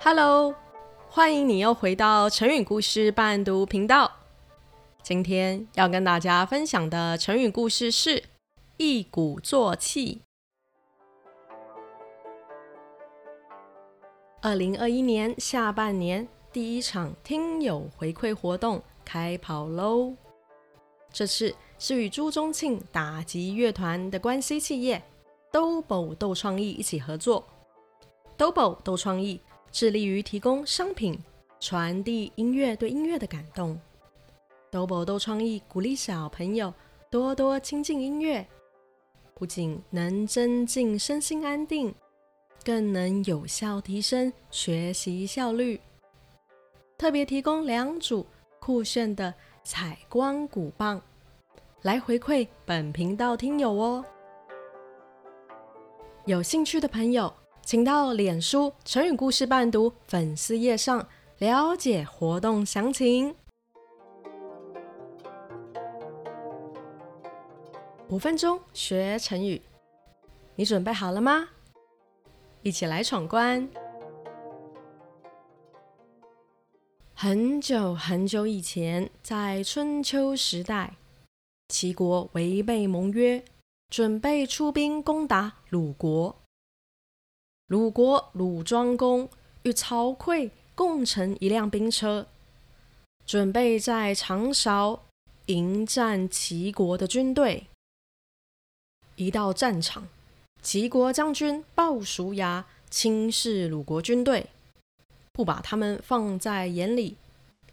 Hello，歡迎你又回到成語故事伴讀頻道。今天要跟大家分享的成語故事是“一鼓作氣”。二零二一年下半年第一場聽友回饋活動開跑嘍！這次是與朱宗慶打擊樂團的關係企業 Dobo 逗創意一起合作 Dobo 逗創意。致力於提供商品，傳遞音樂對音樂的感動。d o 都創意鼓勵小朋友多多親近音樂，不僅能增進身心安定，更能有效提升學習效率。特別提供兩組酷炫的彩光鼓棒，來回饋本頻道聽友哦。有興趣的朋友。請到臉書成語故事伴讀粉絲頁上了解活動詳情。五分鐘學成語，你準備好了嗎？一起來闖關！很久很久以前，在春秋時代，齊國違背盟約，準備出兵攻打魯國。魯國魯莊公與曹劌共乘一輛兵車，準備在長勺迎戰齊國的軍隊。一到戰場，齊國將軍鮑叔牙輕視魯國軍隊，不把他們放在眼裡，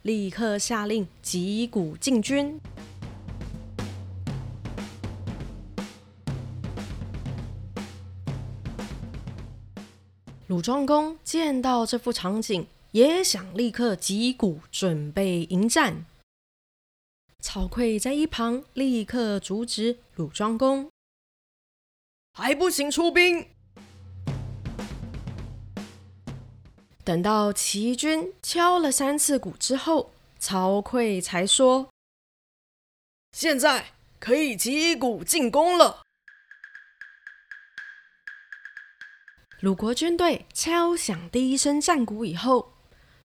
立刻下令擊鼓進軍。魯莊公見到這幅場景，也想立刻擊鼓準備迎戰。曹劌在一旁立刻阻止魯莊公：“還不行，出兵。”等到齊軍敲了三次鼓之後，曹劌才說：“現在可以擊鼓進攻了。”魯國軍隊敲響第一聲戰鼓以後，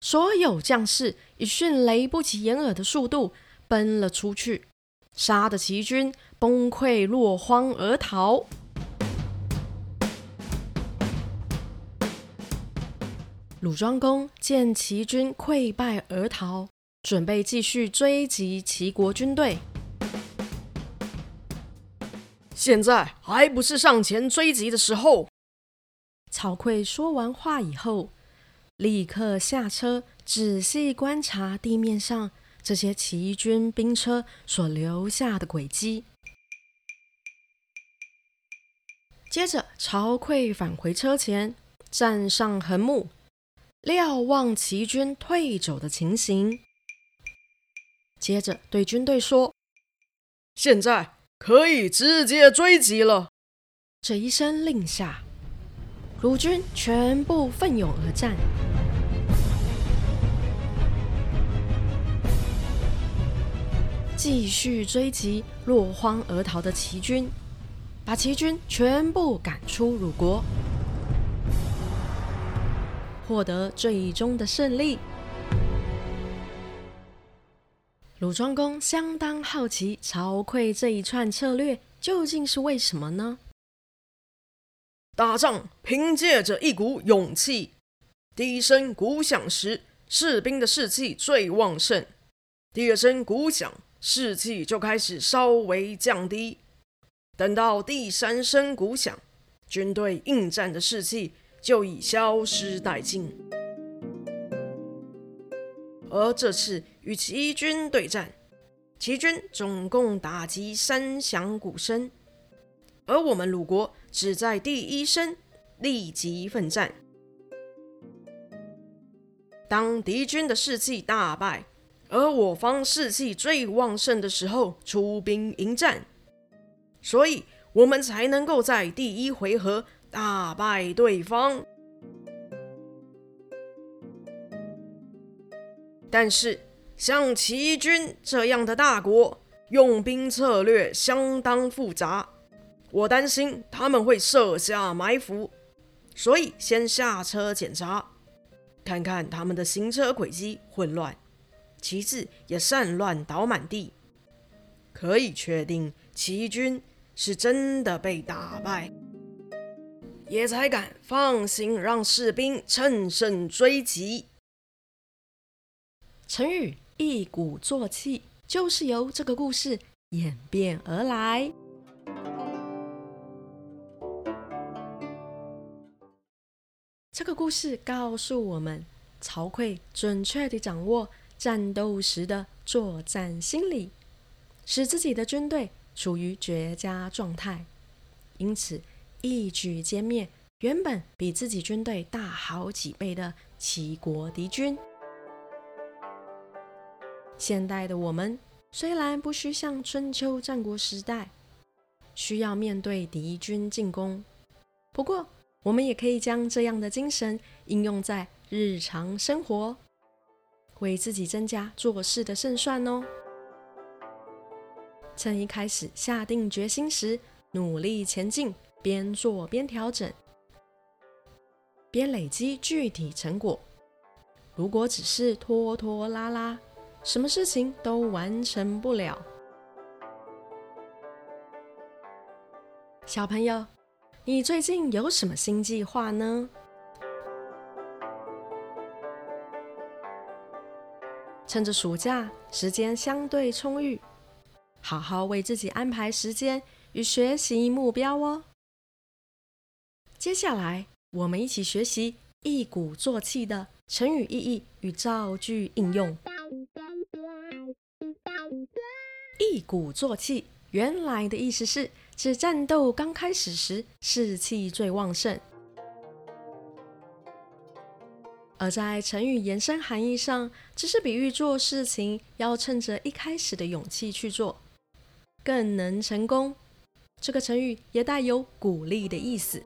所有將士以迅雷不及掩耳的速度奔了出去，殺得齊軍崩潰，落荒而逃。魯莊公見齊軍潰敗而逃，準備繼續追擊齊國軍隊。現在還不是上前追擊的時候。曹劌說完話以後，立刻下車，仔細觀察地面上這些齊軍兵車所留下的軌跡。接着，曹劌返回車前，站上橫木，瞭望齊軍退走的情形。接着，對軍隊說：“現在可以直接追擊了。”這一聲令下。魯軍全部奮勇而戰，繼續追擊落荒而逃的齊軍，把齊軍全部趕出魯國，獲得最終的勝利。魯莊公相當好奇，曹劌這一串策略究竟是為什麼呢？打仗憑借着一股勇氣，第一聲鼓響時，士兵的士氣最旺盛；第二聲鼓響，士氣就開始稍微降低；等到第三聲鼓響，軍隊應戰的士氣就已消失殆盡。而這次與齊軍對戰，齊軍總共打擊三響鼓聲。而我們魯國只在第一聲立即奮戰，當敵軍的士氣大敗，而我方士氣最旺盛的時候出兵迎戰，所以我們才能夠在第一回合大敗對方。但是，像齊軍這樣的大國，用兵策略相當複雜。我擔心他們會設下埋伏，所以先下車檢查，看看他們的行車軌跡混亂，旗幟也散亂倒滿地，可以確定齊軍是真的被打敗，也才敢放心讓士兵乘勝追擊。成語“一鼓作氣”就是由這個故事演變而來。這個故事告訴我們，曹劌準確地掌握戰鬥時的作戰心理，使自己的軍隊處於絕佳狀態，因此一舉殲滅原本比自己軍隊大好幾倍的齊國敵軍。現代的我們雖然不需像春秋戰國時代需要面對敵軍進攻，不過。我們也可以將這樣的精神應用在日常生活，為自己增加做事的勝算哦。趁一開始下定決心時，努力前進，邊做邊調整，邊累積具體成果。如果只是拖拖拉拉，什麼事情都完成不了。小朋友。你最近有什麼新計劃呢？趁着暑假時間相對充裕，好好為自己安排時間與學習目標哦。接下來，我們一起學習“一鼓作氣”的成語意義與造句應用。“一鼓作氣”原來的意思是。是戰鬥剛開始時士氣最旺盛，而在成語延伸含義上，只是比喻做事情要趁着一開始的勇氣去做，更能成功。這個成語也帶有鼓勵的意思，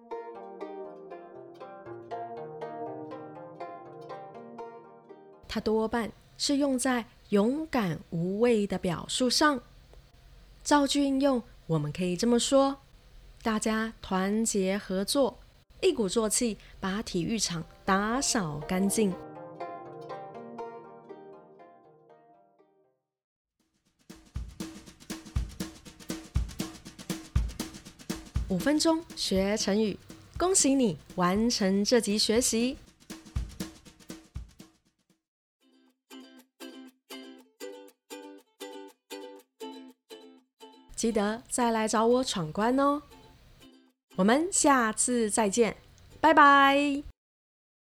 它多半是用在勇敢無畏的表述上。造句應用。我們可以這麼說：大家團結合作，一鼓作氣，把體育場打掃乾淨。五分鐘學成語，恭喜你完成這集學習。記得再來找我闖關哦！我們下次再見，拜拜。